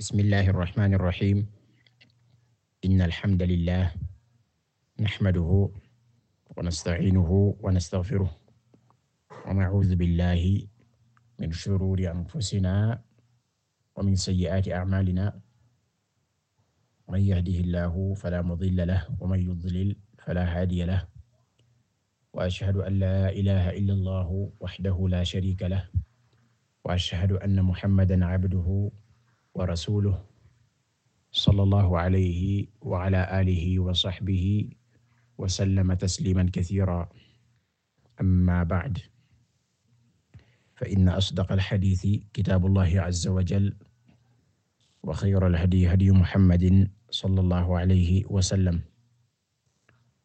bismillahi irrahmani irrahim inna alhamdulillah nahmaduhu wa nasta'inuhu wa nastaghfiruh wa na'udhu billahi min shururi anfusina wa min sayyi'ati a'malina man yahdihillahu fala mudilla lahu wa man yudlil fala hadiya lahu wa ashhadu an la ilaha illa allah wahdahu la sharika lahu wa ashhadu anna muhammadan 'abduhu wa rasuluh sallallahu alayhi wa ala alihi wa sahbihi wa sallama tasliman kathira amma ba'd فإن أصدق الحديث كتاب الله عز وجل وخير الهدي هدي محمد صلى الله عليه وسلم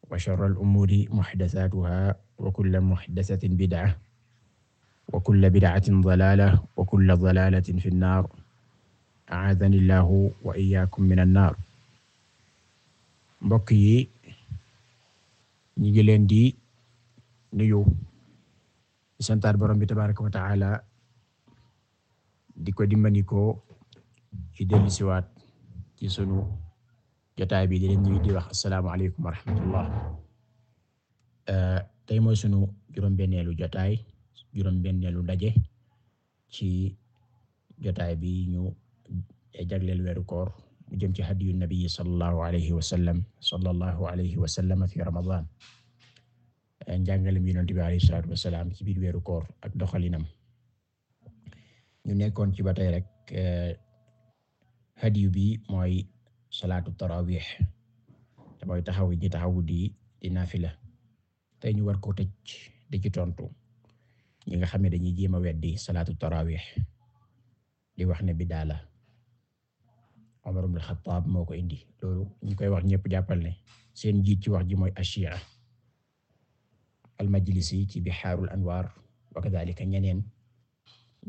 وشر الأمور محدثاتها وكل محدثة بدعة وكل بدعة ضلالة وكل ضلالة في النار aadani llahu wa iyaakum min annaar mbokk yi ñu ngi leen di nuyu di bi tabaraka wa taala di ko dimbanikoo ci dellu siwaat ci sunu jotaay bi di leen ñuy di wax asalaamaaleykum wa euh, tey mooy sunu juróom-benneelu jotaay juróom-benneelu ndaje ci jotaay bi ñu jagleel weeru koor mu jëm ci hadiyu nabi sallallahu alayhi wa sallam sallallahu alayhi wa sallam fi ramadan njàngalem alayhi salaatu wa salaam ci biir weeru koor ak doxalinam ñu nekkoon ci ba rek eh, hadiyu bi mooy salaatu tarawih te mooy taxaw ñi taxawu di di nafila te ñu war ko tëj di ci tontu ñi nga xam ne dañuy jéem a weddi salaatu tarawih di wax ne bidaa la Omar ibn Khattab moo ko indi loolu koy wax ñëpp jàppal seen jiit ci wax ji mooy a al majlisi ci bihaarul anwar wa ñeneen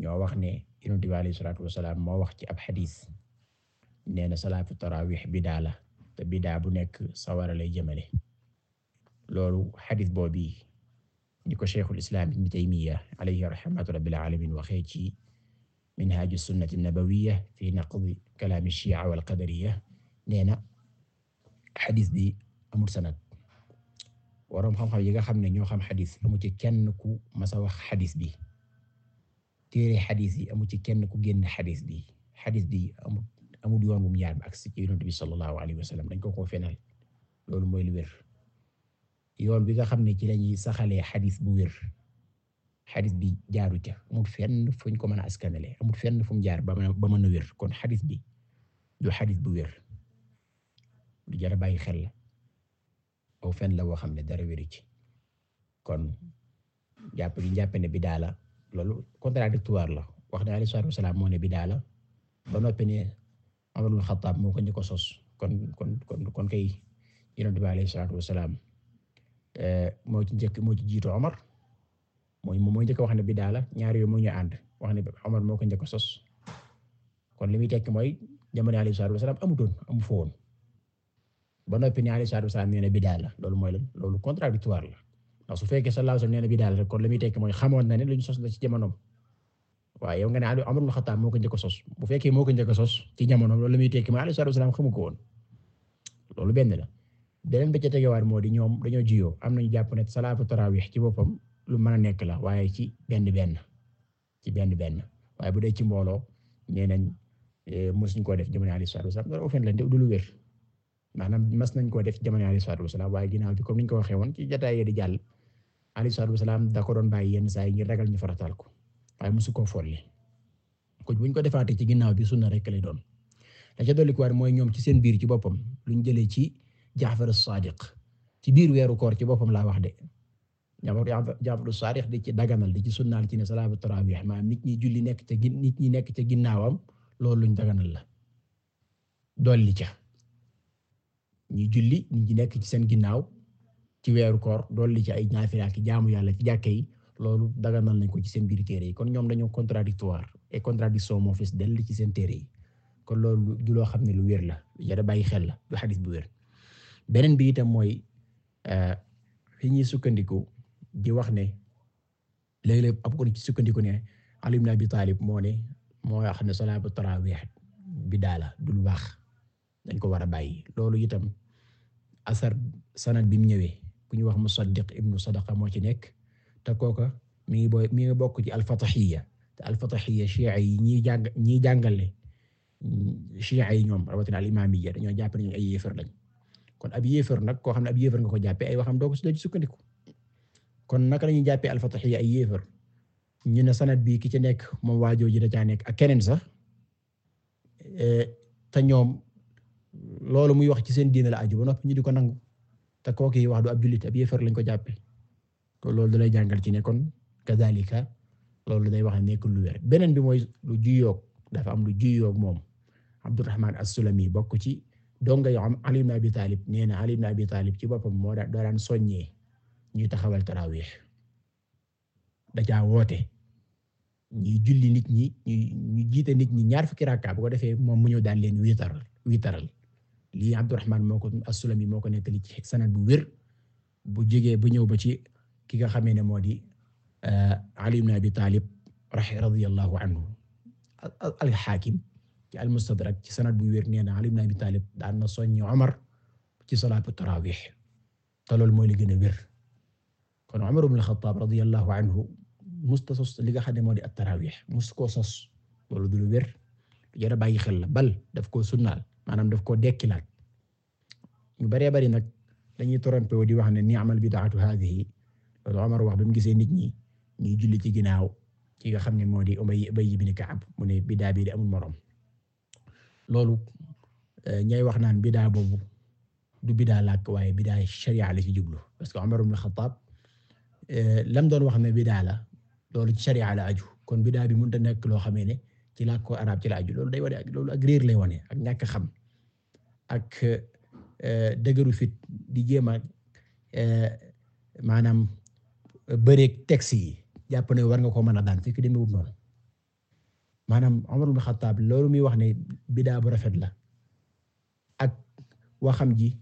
ñoo wax ne yonent bi moo wax ci ab xadis nee na salaatu tarawih bidaa te bidaa bu nekk sawara lay jëmale loolu xadis boobu ni ko cheikhul islam ibn taymiya alayhi rahmatu rabbil alamin waxee ci minhaju sunnati nabawiyya fi naqdi kalaami shia wal qadariya nee na xadis bi amul sanad waroom xam-xam yi nga xam ne ñoo xam xadis amu ci kenn ku masa wax xadis bi téere xadis yi amu ci kenn ku génn xadis bi xadis bi amul amul yoon bu mu yaar ak si ci yonent bi sallallahu alayhi wa sallam dañ ko koo fenal loolu mooy lu wér yoon bi nga xam ne ci lañuy saxalee xadis bu wér xadis bi jaaru ca amul fenn fuñ ko mën a askanale amul fenn fu mu jaar ba man a ba mën kon xadis bi du bu wér du jar a bàyyi xel la aw fenn la woo xam ne dara wéru ci kon jàpp gi ne bi daala loolu contradictoire la wax ne alayhi salaatu wasalaam moo ne bi daala ba noppi ne Umar ibn Xattaab moo ko ñu sos kon kon kon kon kay Yonent bi alayhi salaatu eh, moo ci njëkk moo ci jiitu Omar mooy moom mooy njëkk wax ne bidaa la ñaar yooyu moo ñu ànd wax ne Omar moo ko njëkk sos kon li muy tekki mooy jamono alayhi salaatu wasalaam amutoon amu fa ba noppi ne alayhi salaatu wasalaam nee na bidaa la loolu mooy lan loolu contradictoire la ndax su fekkee sallallahu alayhi wasallam nee na bidaa la rek kon li muy tekki mooy xamoon na ne lu ñu sos la ci jamonoom waaye yow nga ne Omar ibn moo ko njëkk a sos bu fekkee moo ko njëkk a sos ci jamonoom loolu li muy tekki mooy alayhi salaatu wasalaam xamu ko loolu benn la beneen ba ca tegewaat moo di ñoom dañoo jiyoo am nañu jàpp ne salaatu tarawih ci boppam lu mën a nekk la waaye ci benn benn ci benn benn waaye bu dee ci mbooloo nee nañ eh, mosuñ ko def jamono alayhi salaatu wasalaam loolu ofeen la du lu wér maanaam mas nañ koo def jamono alayhi salaatu wasalaam waaye ginnaaw bi ko waxee woon ci jotaay di jàll alayhi salaatu wasalaam da ko doon bàyyi yenn saa yi ngir ragal ñu farataal ko waaye mosu koo folli ko buñ ko defaatee ci ginnaaw bi sunna rekk lay doon la ca dolli ko war mooy ñoom ci seen biir ci boppam lu ñu jëlee ci Jaafar as-Sadiq ci biir weeru koor ci boppam laa wax de jamono jamono saarix di ci daganal di ci sunnaal ci ne salaatu tarawih maanaam nit ñi julli nekk ca gin nit ñi nekk ca ginnaawam loolu luñ daganal la dolli ca ñi julli nit ñi nekk ci seen ginnaaw ci weeru dool li ci ay naafila ak jaamu yàlla ci jàkke yi loolu daganal nañ ko ci seen biir téere yi kon ñoom dañoo contradictoire et contradiction moo fis dell ci seen téere yi kon loolu du loo xam ne lu wér la yada bàyyi xel la du xadis bu wér beneen bi itam mooy euh, fi sukkandiku ji wax ne léeg-léeg ab ko ci sukkandiku ne Ali ibn Abi Talib moo ne moo wax ne salaatu tarawih bi daala du baax dañ ko war a bàyyi loolu itam asar sanad bi mu ñëwee ku ñu wax mu Musaddiq ibnu Sadaqa moo ci nekk te kooka mi ngi boo mi ngi bokk ci al-Fatahiyya te al-Fatahiyya Shi'a yi ñiy jàng ñiy jàngale Shi'a yi ñoom rawatina al-Imamiyya dañoo jàpp ne ay yéefar lañ kon ab yéefar nag koo xam ne ab yéefar nga ko jàppee ay waxam doo ko si sukkandiku. kon naka la ñuy jàppee alfataxiya ay yéefar ñu ne sanad bi ki ci nekk moom waajoo ji da caa nekk ak keneen sax eh, te ñoom loolu muy wax ci seen diine la aju ba noppi ñu di ko nangu te kooku yi wax du ab jullit ab yéefar lañ ko jàppe kon loolu da lay ci ne kon loolu day wax nekk lu wér beneen bi mooy lu juyoog dafa am lu juyoog moom Abdurrahman as-Sulami bokk ci donga yo am Ali ibn Abi Talib nee na Ali ibn Abi Talib ci boppam moo daan soññee ñuy taxawal tarawih da caa woote ñuy julli nit ñi ñuy ñu jiite nit ñi ñaar fukki rakka bu ko defee moom mu ñëw daan leen wiitaral wiitaral lii Abdurrahman moo ko as-Sulami moo ko nettali ci sanad bu wér bu jigee bu ñëw ba ci ki nga xamee ne moo di euh, Ali ibn Abi Talib radiyallahu anhu al-Hakim ci al-Mustadrak ci sanad bu wér nee na Ali ibn Abi Talib daan na soññi Omar ci salaatu tarawih te loolu mooy li gën a wér. kon Umar ibn al-Khattab radiyallahu anhu musta sos li nga xam ne moo di at-tarawih mus koo sos loolu du lu wér jar a bàyyi xel la bal def koo sunnaal maanaam daf koo dekkilaat ñu baree bari nag dañuy trompé wu di wax ne ni'mal bid'atu hadhihi loolu Umar wax ba gisee nit ñi ñuy julli ci ginnaaw ki nga xam ne moo di Ubay Ubay ibn Ka'b mu ne bidaa bi di amul morom loolu eh, ñay wax naan bidaa boobu du bidaa làkk waaye bidaa sharia la ci jublu parce que Umar ibn al Eh, lam doon wax ne bidaa la loolu ci sharia la aju kon bidaa bi mënut a nekk loo xamee ne ci làkku arab la loolu day wane ak loolu ak lay wane ak ñàkk xam ak eh, dëgëru fit di jéem eh, maanaam bëreeg taxi yi jàpp ne war nga ko mën a daan fekk demewul maanaam Umar ibn loolu muy wax ne bidaa bu rafet la ak waxam ji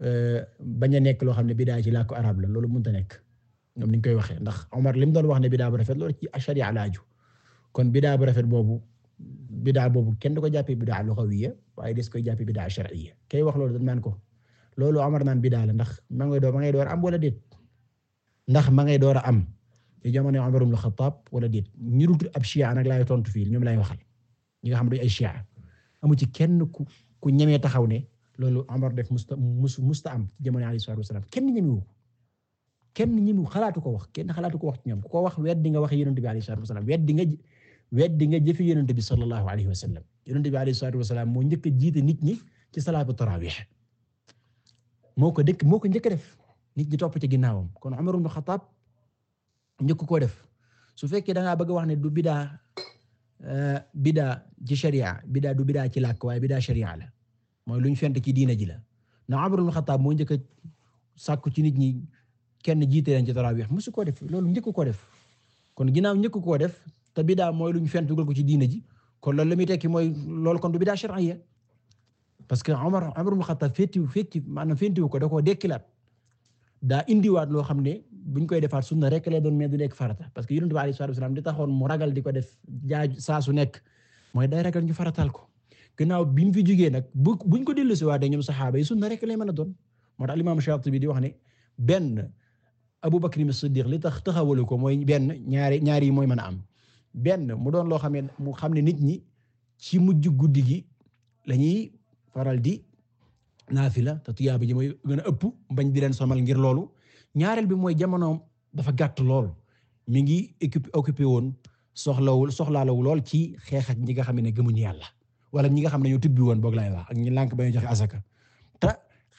a nekk loo xam ne bidaa ci làkku arab la loolu nekk. ñoom ni ñu koy waxee ndax Omar li mu doon wax ne bidaa bu rafet loolu ci sharia la aju kon bidaa bu rafet boobu bidaa boobu kenn du ko jàppee bidaa lughawiyya waaye des koy jàppee bidaa shar'iyya kay wax loolu dañ naan ko loolu Omar naan bidaa la ndax ma ngay door ma ngay door am wala déet ndax ma ngay door a am ci jamono Omar ibn Khattab wala déet ñu dul ab Shia nag laay tontu fii ñoom lay waxal ñi xam duñ ay Shia amu ci kenn ku ku ñemee taxaw ne loolu Omar def musta musta am ci jamono alayhi salaatu wasalaam kenn ñemewu kenn ñi mu xalaatu ko wax kenn xalaatu ko wax ci ñoom ko wax weddi nga wax yonent bi alayhi salaatu wasalaam weddi nga weddi nga jëfe yonent bi sallallahu alayhi wasallam yonent bi alayhi salaatu wasalaam moo njëkk a jiite nit ñi ci salaatu tarawih moo ko dëkk moo njëkk a def nit ñi topp ci ginnaawam kon Umar ibn Khattab njëkk koo def su fekkee da ngaa bëgg wax ne du bidaa euh, bidaa ci sharia bidaa du bidaa ci làkk waaye bidaa sharia la mooy lu ñu fent ci diina ji la na Umar ibn Khattab moo njëkk a sàkku ci nit ñi kenn jiite leen ci tarawih musu koo def loolu njëkk koo def kon ginnaaw njëkk koo def te bidaa mooy lu ñu fent dugal ko ci diina ji kon loolu la muy tekki mooy loolu kon du bidaa shar'iyya parce que Omar Omar ibn Khattab féetiw féeti ko da koo dekkilaat daa indiwaat loo xam ne buñ koy defaat sunna rek lay doon mais du nekk farata parce que Yonent bi alayhi salaam ko def jaaju saa su nekk mooy day ragal ñu farataal ko gannaaw bi mu fi jugee nag bu buñ ko dellusiwaatee ñoom saxaaba yi sunna rek lay mën a doon moo tax Imaam di wax ne benn. Abu Bakr as-Siddiq li tax taxawalu ko mooy benn ñaari ñaari yi mooy mën a am benn mu doon loo xam ne xam ne nit ñi ci mujj guddi gi lañuy faral di naafila te tuyaaba ji mooy gën a ëpp bañ di leen somal ngir loolu ñaareel bi mooy jamonoom dafa gàtt lool mu ngi occupé occupé woon soxlawul soxlaalawu lool ci xeexat ak xam ne gëmuñu yàlla wala ñi nga xam ne ñu tubbi woon boog laay wax ak ñi lànk ba ñu joxe asaka te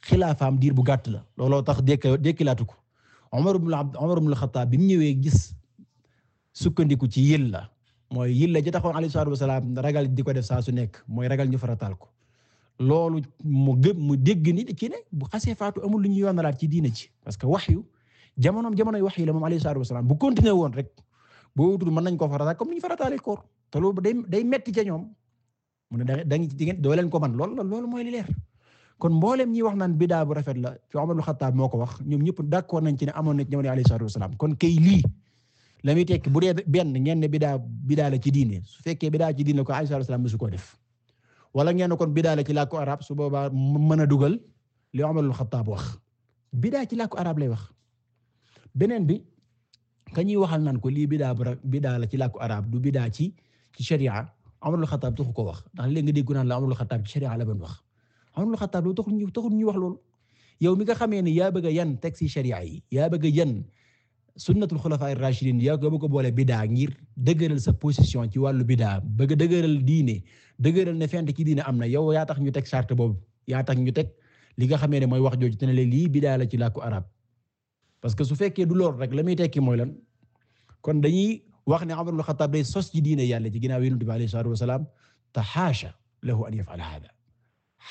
xilaafaam diir bu gàtt la looloo tax dékk dékkilaatu ko Omar ibn Abd Omar ibn al-Khattab bi mu ñëwee gis sukkandiku ci yilla mooy yilla ja taxoon alayhi salaatu wasalaam ragal di ko def saa su nekk mooy ragal ñu farataal ko loolu mu gëm mu dégg ni ci ne bu xasee faatu amul lu ñuy yoonalaat ci diina ci parce que waxyu jamonoom jamonoy wax yi la moom alayhi salaatu wasalaam bu continuer woon rek boo wutul mën nañ koo farataal comme ni ñu farataalee koor te loolu day day metti ca ñoom mu ne da da ngeen doo leen ko man loolu loolu mooy li leer. kon mboolem ñi wax naan bidaa bu rafet la fi Umar ibn moo ko wax ñoom ñëpp d'accord nañ ci ne na ci jamono alayhi salaatu wasalaam kon kay lii la muy tekki bu dee benn ngeen ne bidaa bidaa la ci diine su fekkee bidaa ci diine ko alayhi salaatu wasalaam koo def wala ngeen ne kon bidaa la ci làkku arab su boobaa mën a dugal li Umar ibn Xattaab wax bidaa ci làkku arab lay wax beneen bi ka ñuy waxal naan ko lii bidaa bu bidaa la ci làkku arab du bidaa ci ci sharia Umar ibn Xattaab du ko wax ndax léegi nga dégg naan la Umar ibn Xattaab ci sharia la ban wax Umar ibn Khattab loolu taxul ñu ñu wax loolu yow mi nga xamee ne yaa bëgg a yan teg ci sharia yi yaa bëgg a yan sunnatul xulafaa rachidin yaa bëgg a boole bidaa ngir dëgëral sa position ci wàllu bidaa bëgg a dëgëral diine dëgëral ne fent ci diine am na yow yaa tax ñu teg charte boob yaa tax ñu teg li nga xamee ne mooy wax jooju te ne leen lii bidaa la ci làkku arab parce que su fekkee du lool rek la muy tekki mooy lan kon dañuy wax ne Umar ibn Khattab day sos ci diine yàlla ci ginnaaw Yonent bi alayhi salaatu wasalaam te xaasha lahu an yaf'ala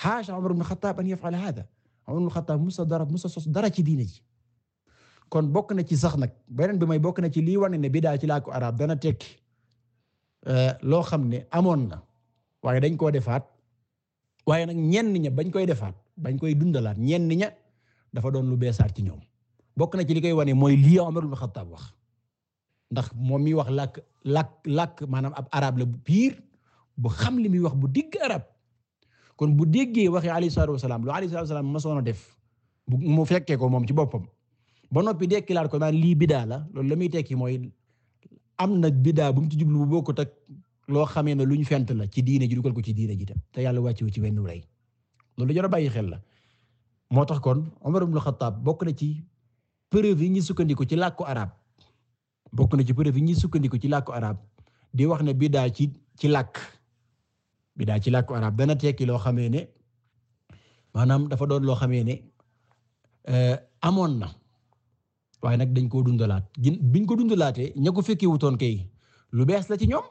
xaasha Umar ibn Xattaab an yaf'ala haadaa Umar ibn Xattaab musa dara musa sos dara ci diine ji kon bokk na ci sax nag beneen bi may bokk na ci lii wane ne bidaa ci làkku arab dana tekki loo xam ne amoon na waaye dañ koo defaat waaye nag ñenn ña bañ koy defaat bañ koy dundalaat ñenn ña dafa doon lu beesaat ci ñoom bokk na ci li koy wane mooy lii Umar ibn Xattaab wax ndax moom mi wax làkk làkk maanaam ab arab la bu piir bu xam li muy wax bu digg arab kon bu déggee waxee alayhi salaatu wasalaam lu alayhi salaatu wasalaam masoon a def mu fekkee ko moom ci boppam ba noppi dekkilaat ko naan lii bidaa la loolu la muy tekki mooy am na biddaa bu mu ci jublu boo ko ak loo xamee ne ñu fent la ci diine ji dugal ko ci diine ji tam te yàlla wàccewu ci benn rey loolu jar a bàyyi xel la moo tax kon Umar ibn Khattab bokk na ci preuve yi ñuy sukkandiku ci làkku arab bokk na ci preuve yi ñuy sukkandiku ci làkku arab di wax ne bidaa ci ci làkk bidaa ci làkku arab dana tekki loo xamee ne maanaam dafa doon loo xamee ne eh, amoon na waaye nag dañ koo dundalaat gin biñ ko dundalaatee ña ko fekkee wutoon kay lu bees la ci ñoom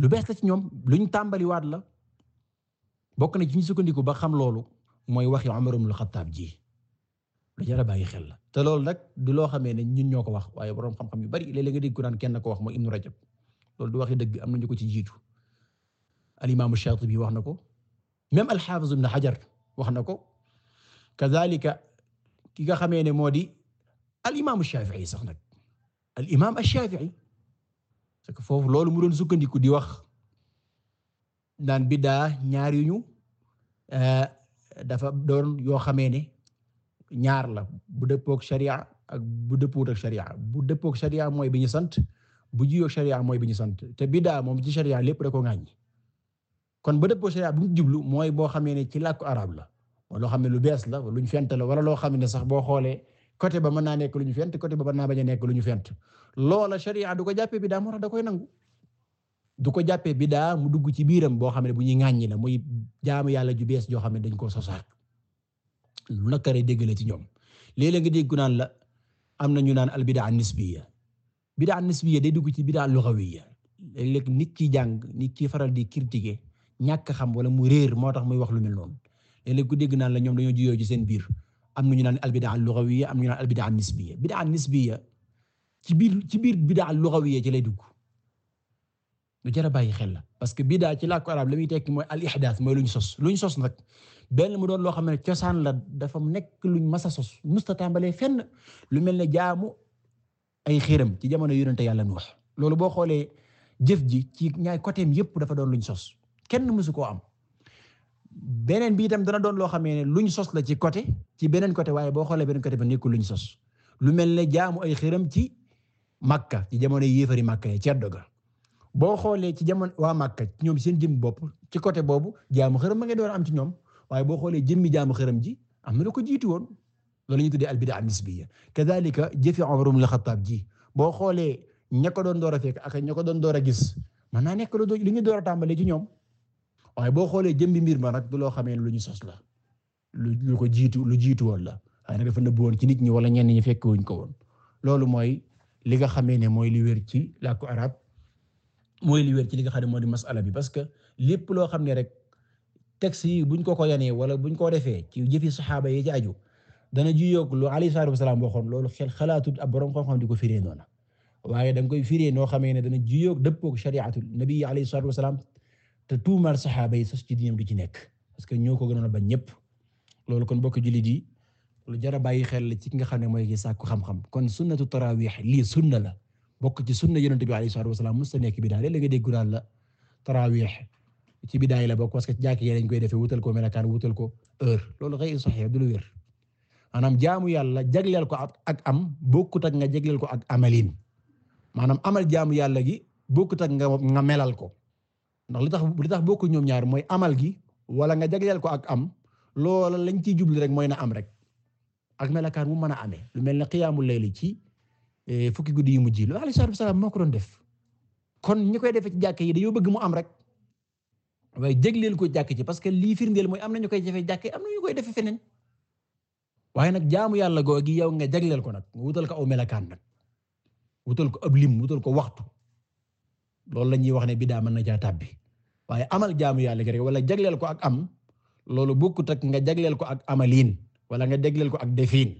lu bees la ci ñoom luñ tàmbaliwaat la bokk na ci ñu sukkandiku ba xam loolu mooy waxi Umar ibn al-Khattab ji lu jar a xel la te loolu nag loo xamee ne ñun ñoo ko wax waaye boroom xam-xam yu bari léeg-léeg nga ku naan kenn ko wax mooy Ibnu Rajab loolu du waxi dëgg am nañu ko ci jiitu al imaamu Shaatibi wax na ko même al Haafiz ibn Hajar wax na ko kazaalika ki nga xamee ne moo di al imaamu Shaafi'i sax nag al imaam Shaafi'i parce que foofu loolu mu doon sukkandiku di wax naan biddaa ñaar yu ñu eh, dafa doon yoo xamee ne ñaar la bu dëppook sharia ak bu dëppoot ak sharia bu dëppook sharia mooy bi ñu sant bu jiyook sharia mooy bi ñu sant te biddaa moom ci sharia lépp da ko ŋàññi kon ba dëppoo sharia bu mu jublu mooy boo xamee ne ci làkku arab la wala loo xam ne lu bees la lu ñu fent la wala loo xam ne sax boo xoolee côté ba mën naa nekk lu ñu fent côté ba mën naa bañ a nekk lu ñu fent loola sharia du ko jàppee bidaa moo tax da koy ko jàppee bidaa mu dugg ci biiram boo xam ne bu ñuy ŋàññi la muy jaamu yàlla ju bees joo xam ne koo sosaat lu dégg la ci ñoom léeg-léeg naan la am na ñu naan al bidaa nisbiya bidaa nisbiya day dugg ci bidaa lughawiyya léeg-léeg nit ki jàng nit ki faral di critiquer ñàkk xam wala mu réer moo tax muy wax lu mel noonu léeg-léeg ku dégg naan la ñoom dañoo jiyoo ci seen biir am na ñu naan albidaa lughawiyya am na ñu naan albidaa nisbiyya bidaa nisbiyya ci biir ci biir bidaa lughawiyya ci lay dugg lu jar a bàyyi xel la parce que bidaa ci làkku arab la muy tekki mooy al ihdaas mooy lu ñu sos lu ñu sos nag benn mu doon loo xam ne cosaan la dafa nekk luñ masa sos musta tàmbalee fenn lu mel ne jaamu ay xiram ci jamono te yàlla Nuux loolu boo xoolee jëf ji ci ñaay côté yëpp dafa doon luñ sos kenn mësu koo am beneen bi itam dana doon loo xamee ne luñ sos la ci côté ci beneen côté waaye boo xoolee beneen côté ba nekkul luñ sos lu mel ne jaamu ay xëram ci Makka ci jamono yéefari Makka yi ceddo ga boo xoolee ci jamono waa Makka ñoom seen jëm bopp ci côté boobu jaamu xëram ma nga am ci ñoom waaye boo xoolee jëmmi jaamu xëram ji am na lu ko jiitu woon loolu ñu tuddee albidaa nisbiya kadhalika jëfi Umar ibn al-Khattab ji boo xoolee ña doon door a fekk ak ko doon door a gis mën naa nekk lu ñu door a tàmbalee ci ñoom waaye boo xoolee jëmbi mbir ma nag du loo xamee lu ñu sos la lu lu ko jiitu lu jiitu woon la waaye nag dafa ci nit ñi wala ñenn ñi fekk wuñ ko woon loolu mooy li nga xamee ne mooy li wér ci làkku arab mooy li wér ci li nga xam ne moo di masala bi parce que lépp loo xam ne rek texte yi buñ ko ko yanee wala buñ ko defee ci jëfi saxaaba yi ci aju dana juyoog lu alayhi salaatu wasalaam waxoon loolu xel xalaatut ab borom xam di ko firee noona waaye da koy firee noo xamee ne dana juyoog dëppoog shari'atul nabi alayhi salaatu wasalaam te tuumaal saxaaba yi sos ci diinam du ci nekk parce que ñoo ko gënoon a bañ ñëpp loolu kon bokk jullit yi lu jar a bàyyi xel ci ki nga xam ne mooy ki sàkku xam-xam kon sunnatu tarawih lii sunna la bokk ci sunna yonent bi alayhi salaatu wasalaam musta nekk bidaa léeg-léeg nga dégg daal la tarawih ci bidaa yi la bokk parce que jàkk yi dañ koy defee wuteel ko melakaan wutal ko heure loolu xëy saxee du lu wér maanaam jaamu yàlla jagleel ko ak am bokkut ak nga jagleel ko ak amalin maanaam amal jaamu yàlla gi bokkut ak nga melal ko ndax lu tax li tax bokku ñoom ñaar mooy amal gi wala nga jagleel ko ak am loola lañ ciy jubli rek mooy na am rek ak melakaan mu mën a amee lu mel ne xiyaamul layli ci e, fukki guddi yu mujj loolu alayhi salaatu wasalaam moo ko doon def kon ñi koy defee ci jàkk yi da dañoo bëgg mu am rek waaye jégleel ko jàkk ci parce que lii firndeel mooy am na ñu koy defee jàkk am na ñu koy defee feneen waaye nag jaamu yàlla googi yow nga jagleel ko nag wutal ko aw melakaan nag wutal ko ab lim wutal ko waxtu loolu la ñuy wax ne biddaa mën na caa bi waaye amal jaamu yàlla gi rek wala jagleel ko ak am loolu bokkut ak nga jagleel ko ak amaliin wala nga jagleel ko ak defiin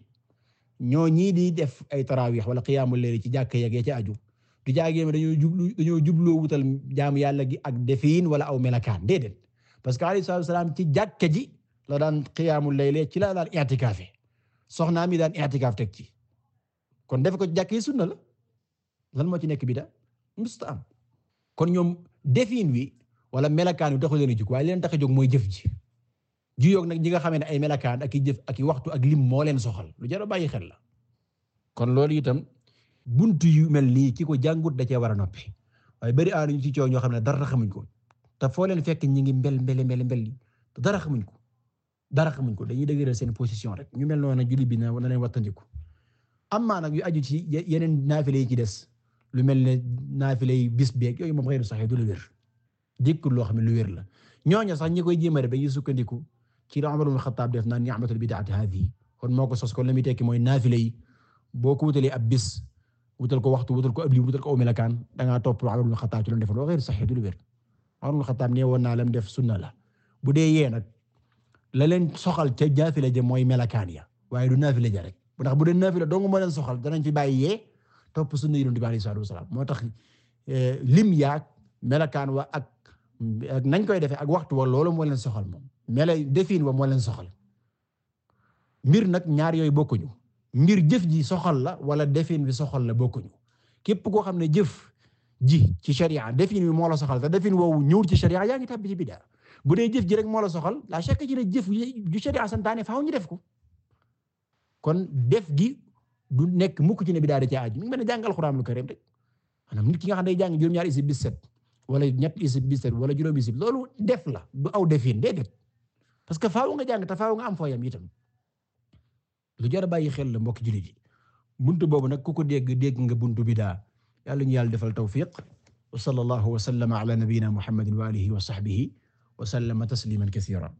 ñoo ñii di def ay taraawix wala xiyaamu leeli ci jàkk yeeg ya ci aju du jaagéeme dañoo jublu dañoo jubloo wutal jaamu yàlla gi ak defiin wala aw melakaan parce que alayhi salaatu ci jàkka ji la daan xiyaamu ci la daan i'tikaafe soxnaam daan i'tikaaf ci kon def ko ci sunna la lan moo ci nekk bida musta am kon ñoom defin wi wala melakaan wi taxu leen a jóg waaye leen tax a mooy jëf ji ju yoog nag ñi nga xamee ne ay melakaan ak i jëf ak waxtu ak lim moo leen soxal lu jar a bàyyi xel la kon loolu itam buntu yu mel nii ci ko jàngut da cee war a noppi waaye bari aanu ñu ci coow ñoo xam ne dara xamuñ ko te foo fekk ñi ngi mbel mbel mbel mbel dara xamuñ ko dara xamuñ ko dañuy dëgëral seen position rek ñu mel noonu nag julli bi na na leen wattandiku am maa nag yu aju ci yeneen naafile yi ci des lu mel ne naafilay bis beeg yooyu moom xëy na sax du lu wér dikkul loo xam ne lu wér la ñooñu sax ñi koy jéem a def dañuy sukkandiku ci la Umar ibn Xattaab def naan ni'matul bid'ati haadihi kon moo ko sos ko wutalee ab bis ko waxtu wutal ko ab li wutal ko aw melakaan da ngaa topp Umar ibn Xattaab ci lu def loo xëy na sax du def sunna la bu dee yee nag la leen soxal ca naafila ja mooy melakaan ya way du naafila ja rek bu dee naafila dong moo leen soxal danañ fi bàyyi topp sunna Yonent bi alayhi salaatu wasalaam moo tax eh, lim yaag melakaan wa ak ak koy defee ak waxtu wa loolo moo leen soxal moom melay defin wa moo soxal mbir nag ñaar yooyu bokkuñu mbir jëf ji soxal la wala defin bi soxal la bokkuñu képp koo xam ne jëf ji ci sharia defin bi moo la soxal te defin woowu ñëwul ci sharia yaa ngi tàbbi ci biddaa bu dee jëf ji rek moo la soxal la chaque ji ne jëf ju sharia santaane faaw ñu def ko kon def gi du nekk mukk ci ne bi daal di caa aju mi ngi mel ne jàngal Alxuraanul Kariim rek maanaam ki nga xam ne day jàng juróom-ñaari isib bis set wala ñetti isib bis set wala juróomi isib loolu def la du aw defin déedéet parce que faaw nga jàng te nga am fooyam itam lu jar a bàyyi xel la mbokk jullit yi buntu boobu nag ku ko dégg dégg nga buntu bi daa yàlla ñu yàlla defal tawfiq wa sallallahu wa sallama ala nabiyyina muhammadin wa alihi wa sahbihi wa sallama tasliman kasiran